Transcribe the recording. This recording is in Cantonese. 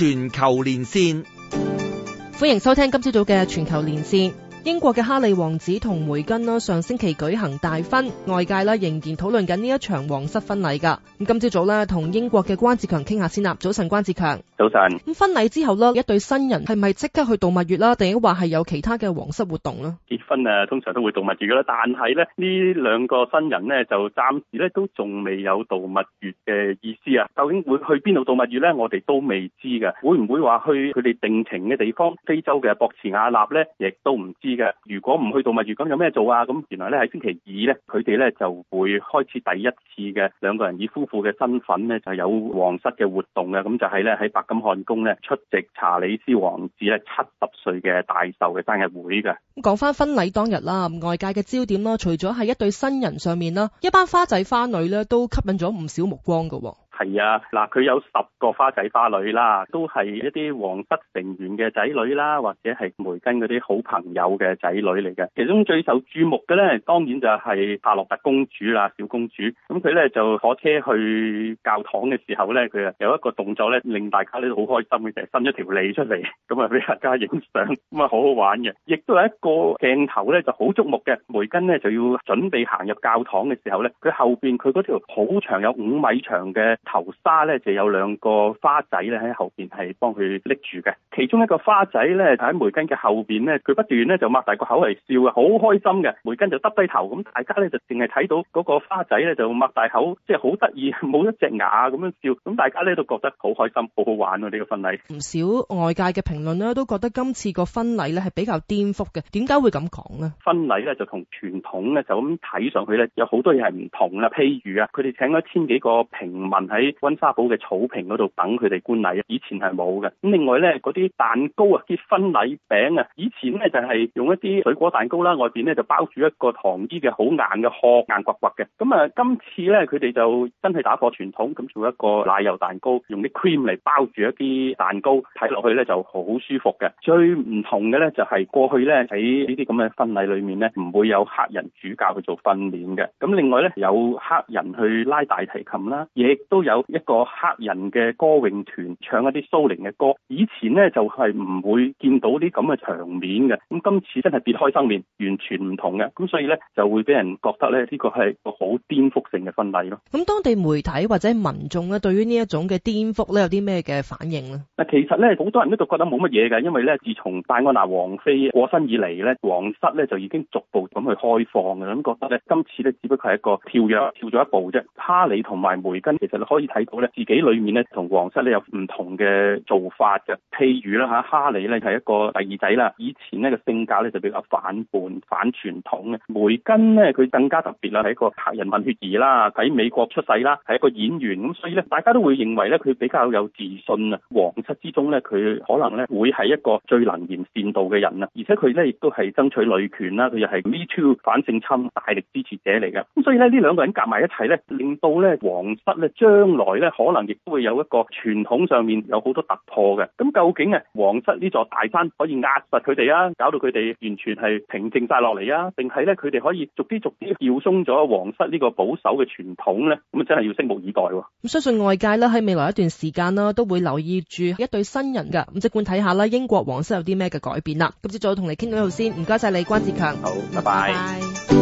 全球連線，歡迎收聽今朝早嘅全球連線。英國嘅哈里王子同梅根啦，上星期舉行大婚，外界啦仍然討論緊呢一場皇室婚禮噶。咁今朝早呢同英國嘅關志強傾下先啦。早晨，關志強。早晨。咁婚禮之後啦，一對新人係咪即刻去度蜜月啦？定話係有其他嘅皇室活動咧？結婚啊，通常都會度蜜月噶啦。但係咧，呢兩個新人呢，就暫時咧都仲未有度蜜月嘅意思啊。究竟會去邊度度蜜月呢？我哋都未知嘅。會唔會話去佢哋定情嘅地方？非洲嘅博茨瓦納呢，亦都唔知道。如果唔去度蜜月，咁有咩做啊？咁原來咧喺星期二咧，佢哋咧就會開始第一次嘅兩個人以夫婦嘅身份咧，就有皇室嘅活動嘅，咁就係咧喺白金漢宮咧出席查理斯王子咧七十歲嘅大壽嘅生日會嘅。咁講翻婚禮當日啦，外界嘅焦點啦，除咗係一對新人上面啦，一班花仔花女咧都吸引咗唔少目光噶。係啊，嗱，佢有十個花仔花女啦，都係一啲皇室成員嘅仔女啦，或者係梅根嗰啲好朋友嘅仔女嚟嘅。其中最受注目嘅咧，當然就係夏洛特公主啦，小公主。咁佢咧就坐車去教堂嘅時候咧，佢啊有一個動作咧，令大家咧都好開心嘅，就伸一條脷出嚟，咁啊俾大家影相，咁啊好好玩嘅。亦都有一個鏡頭咧就好觸目嘅，梅根咧就要準備行入教堂嘅時候咧，佢後邊佢嗰條好長有五米長嘅，頭紗咧就有兩個花仔咧喺後邊係幫佢拎住嘅，其中一個花仔咧就喺梅根嘅後邊咧，佢不斷咧就擘大個口嚟笑嘅，好開心嘅。梅根就耷低頭，咁大家咧就淨係睇到嗰個花仔咧就擘大口，即係好得意，冇一隻牙咁樣笑，咁大家咧都覺得好開心，好好玩㗎呢個婚禮。唔少外界嘅評論咧都覺得今次個婚禮咧係比較顛覆嘅，點解會咁講呢？婚禮咧就同傳統咧就咁睇上去咧，有好多嘢係唔同啦。譬如啊，佢哋請咗千幾個平民喺喺溫莎堡嘅草坪嗰度等佢哋觀禮。以前係冇嘅。咁另外咧，嗰啲蛋糕啊、結婚禮餅啊，以前咧就係用一啲水果蛋糕啦，外面咧就包住一個糖衣嘅好硬嘅殼，硬骨骨嘅。咁啊，今次咧佢哋就真係打破傳統，咁做一個奶油蛋糕，用啲 cream 嚟包住一啲蛋糕，睇落去咧就好舒服嘅。最唔同嘅咧就係過去咧喺呢啲咁嘅婚禮裏面咧，唔會有黑人主教去做訓練嘅。咁另外咧有黑人去拉大提琴啦，亦都，都有一個黑人嘅歌詠團唱一啲蘇寧嘅歌，以前呢就係唔會見到啲咁嘅場面嘅。咁今次真係別開生面，完全唔同嘅。咁所以呢，就會俾人覺得呢呢個係個好顛覆性嘅婚禮咯。咁當地媒體或者民眾呢對於呢一種嘅顛覆呢，有啲咩嘅反應呢？嗱，其實呢，好多人都覺得冇乜嘢嘅，因為呢，自從戴安娜王妃過身以嚟呢，皇室呢就已經逐步咁去開放嘅。咁覺得呢，今次呢，只不過係一個跳躍，跳咗一步啫。哈里同埋梅根其實可以睇到咧，自己裏面咧同皇室咧有唔同嘅做法嘅。譬如啦吓，哈里咧係一個第二仔啦，以前嘅性格咧就比較反叛、反傳統嘅。梅根咧佢更加特別啦，係一個黑人混血兒啦，喺美國出世啦，係一個演員咁，所以咧大家都會認為咧佢比較有自信啊。皇室之中咧佢可能咧會係一個最能言善道嘅人啊，而且佢咧亦都係爭取女權啦，佢又係 Me Too 反性侵大力支持者嚟嘅。咁所以咧呢兩個人夾埋一齊咧，令到咧皇室咧將將來咧可能亦都會有一個傳統上面有好多突破嘅，咁究竟啊皇室呢座大山可以壓實佢哋啊，搞到佢哋完全係平靜曬落嚟啊，定係咧佢哋可以逐啲逐啲撬鬆咗皇室呢個保守嘅傳統咧？咁啊真係要拭目以待。咁相信外界呢，喺未來一段時間啦，都會留意住一對新人噶。咁即管睇下啦，英國皇室有啲咩嘅改變啦。今次再同你傾到呢度先，唔該曬你，關志強。好，拜拜。拜拜。